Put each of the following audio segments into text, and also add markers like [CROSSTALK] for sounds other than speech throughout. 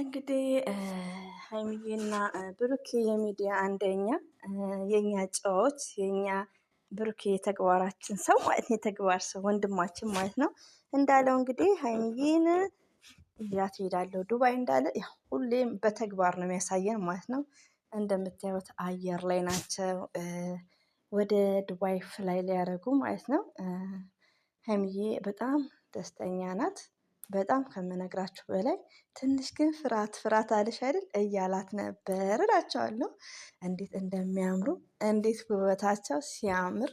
እንግዲህ ሀይሚዬና ብሩኬ የሚዲያ አንደኛ የኛ ጨዋዎች የኛ ብሩኬ የተግባራችን ሰው [LAUGHS] ማለት ነው፣ የተግባር ሰው ወንድማችን ማለት ነው። እንዳለው እንግዲህ ሀይሚዬን እያት ሄዳለሁ ዱባይ እንዳለ ሁሌም በተግባር ነው የሚያሳየን ማለት ነው። እንደምታዩት አየር ላይ ናቸው፣ ወደ ዱባይ ፍላይ ሊያደርጉ ማለት ነው። ሀይሚዬ በጣም ደስተኛ ናት። በጣም ከምነግራችሁ በላይ ትንሽ ግን ፍርሃት ፍርሃት አለሽ አይደል እያላት ነበር እላቸዋለሁ። እንዴት እንደሚያምሩ እንዴት ውበታቸው ሲያምር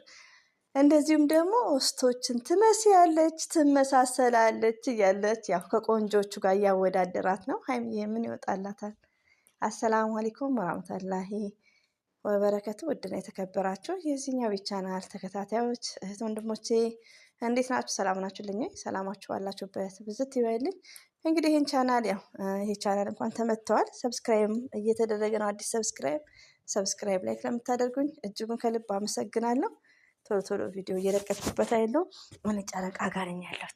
እንደዚሁም ደግሞ ውስቶችን ትመስያለች ትመሳሰላለች እያለች ያው ከቆንጆቹ ጋር እያወዳደራት ነው። ሀይሚዬ ምን ይወጣላታል? አሰላሙ አለይኩም ወራህመቱላሂ ወበረከቱ። ውድና የተከበራችሁ የዚህኛው ቻናል ተከታታዮች እህት ወንድሞቼ እንዴት ናችሁ? ሰላም ናችሁልኝ? ሰላማችሁ ባላችሁበት ብዝት ይበልኝ። እንግዲህ ይህን ቻናል ያው ይሄ ቻናል እንኳን ተመትተዋል፣ ሰብስክራይብ እየተደረገ ነው። አዲስ ሰብስክራይብ ሰብስክራይብ ላይክ ለምታደርጉኝ እጅጉን ከልብ አመሰግናለሁ። ቶሎ ቶሎ ቪዲዮ እየለቀኩበት አይለው ሆነ ጨረቃ ጋር ያለሁ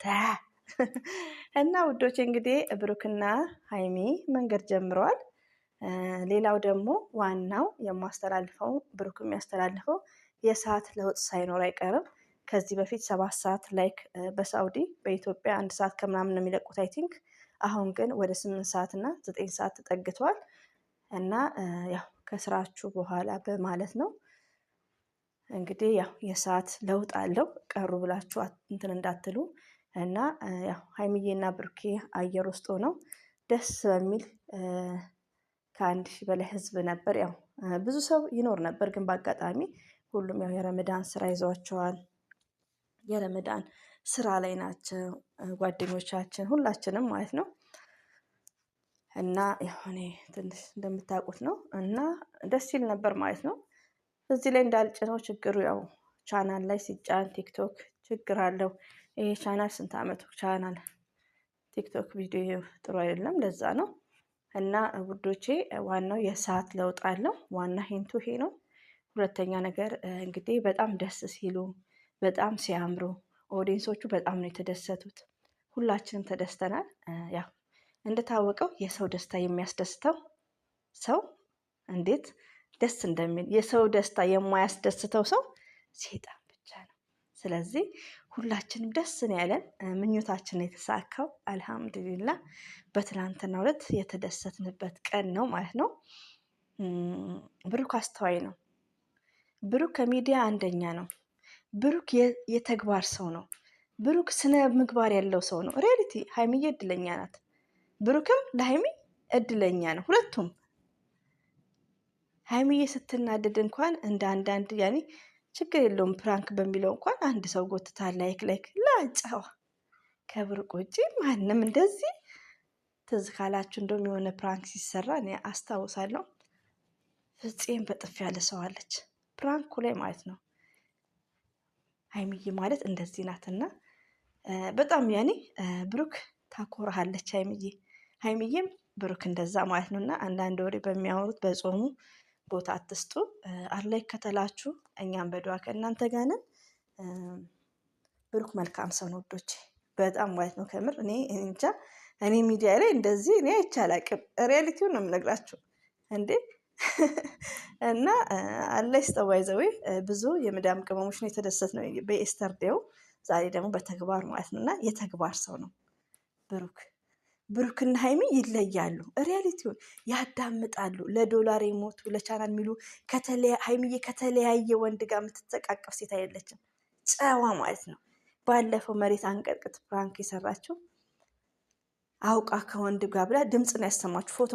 እና ውዶች እንግዲህ ብሩክና ሀይሚ መንገድ ጀምረዋል። ሌላው ደግሞ ዋናው የማስተላልፈው ብሩክ የሚያስተላልፈው የሰዓት ለውጥ ሳይኖር አይቀርም። ከዚህ በፊት ሰባት ሰዓት ላይክ በሳውዲ በኢትዮጵያ አንድ ሰዓት ከምናምን ነው የሚለቁት አይ ቲንክ። አሁን ግን ወደ ስምንት ሰዓት እና ዘጠኝ ሰዓት ተጠግቷል እና ያው ከስራችሁ በኋላ በማለት ነው እንግዲህ ያው የሰዓት ለውጥ አለው። ቀሩ ብላችሁ እንትን እንዳትሉ እና ያው ሀይሚዬና ብሩኬ አየር ውስጥ ሆነው ደስ በሚል ከአንድ ሺህ በላይ ህዝብ ነበር። ያው ብዙ ሰው ይኖር ነበር፣ ግን በአጋጣሚ ሁሉም ያው የረመዳን ስራ ይዘዋቸዋል። የረመዳን ስራ ላይ ናቸው ጓደኞቻችን ሁላችንም ማለት ነው። እና የሆኔ ትንሽ እንደምታውቁት ነው እና ደስ ሲል ነበር ማለት ነው። እዚህ ላይ እንዳልጭነው ችግሩ ያው ቻናል ላይ ሲጫን ቲክቶክ ችግር አለው። ይሄ ቻናል ስንት ዓመቱ ቻናል ቲክቶክ ቪዲዮ ጥሩ አይደለም፣ ለዛ ነው። እና ውዶቼ ዋናው የሰዓት ለውጥ አለው። ዋና ሂንቱ ይሄ ነው። ሁለተኛ ነገር እንግዲህ በጣም ደስ ሲሉ በጣም ሲያምሩ ኦዲየንሶቹ በጣም ነው የተደሰቱት። ሁላችንም ተደስተናል። ያ እንደታወቀው የሰው ደስታ የሚያስደስተው ሰው እንዴት ደስ እንደሚል የሰው ደስታ የማያስደስተው ሰው ሴጣን ብቻ ነው። ስለዚህ ሁላችንም ደስ ነው ያለን፣ ምኞታችን የተሳካው አልሐምዱሊላ። በትናንትናው ዕለት የተደሰትንበት ቀን ነው ማለት ነው። ብሩክ አስተዋይ ነው። ብሩክ ከሚዲያ አንደኛ ነው። ብሩክ የተግባር ሰው ነው። ብሩክ ስነ ምግባር ያለው ሰው ነው። ሪያሊቲ ሀይሚዬ እድለኛ ናት። ብሩክም ለሀይሚ እድለኛ ነው። ሁለቱም ሀይሚዬ ስትናደድ እንኳን እንደ አንዳንድ ያኔ ችግር የለውም ፕራንክ በሚለው እንኳን አንድ ሰው ጎትታ ላይክ ላይክ ላጫዋ ከብሩክ ውጪ ማንም እንደዚህ ትዝ ካላችሁ እንደውም የሆነ ፕራንክ ሲሰራ እኔ አስታውሳለሁ። ፍፄም በጥፍ ያለ አለች ፕራንኩ ላይ ማለት ነው። ሀይሚዬ ማለት እንደዚህ ናትና በጣም ያኔ ብሩክ ታኮርሃለች ሀይሚዬ ሀይሚዬም ብሩክ እንደዛ ማለት ነው። እና አንዳንድ ወሬ በሚያወሩት በጾሙ ቦታ አትስጡ። አላይ ከተላችሁ እኛም በድዋ ከእናንተ ጋር ነን። ብሩክ መልካም ሰው ነው ወዶች በጣም ማለት ነው። ከምር እኔ እንጃ እኔ ሚዲያ ላይ እንደዚህ እኔ አይቻል አቅም ሪያሊቲውን ነው የምነግራችሁ እንዴ [LAUGHS] እና አላህ ይስጠው። ዘዌ ብዙ የመዳም ቅመሞች ነው የተደሰት ነው በኤስተር ዴው፣ ዛሬ ደግሞ በተግባር ማለት ነው። እና የተግባር ሰው ነው ብሩክ ብሩክና ሀይሚ ይለያሉ። ሪያሊቲውን ያዳምጣሉ። ለዶላር የሞቱ ለቻናል የሚሉ ሀይሚዬ ከተለያየ ወንድ ጋር የምትጠቃቀፍ ሴት አይደለችም። ጨዋ ማለት ነው። ባለፈው መሬት አንቀጥቅጥ ፕራንክ የሰራችው አውቃ ከወንድ ጋር ብላ ድምፅ ነው ያሰማችሁ ፎቶ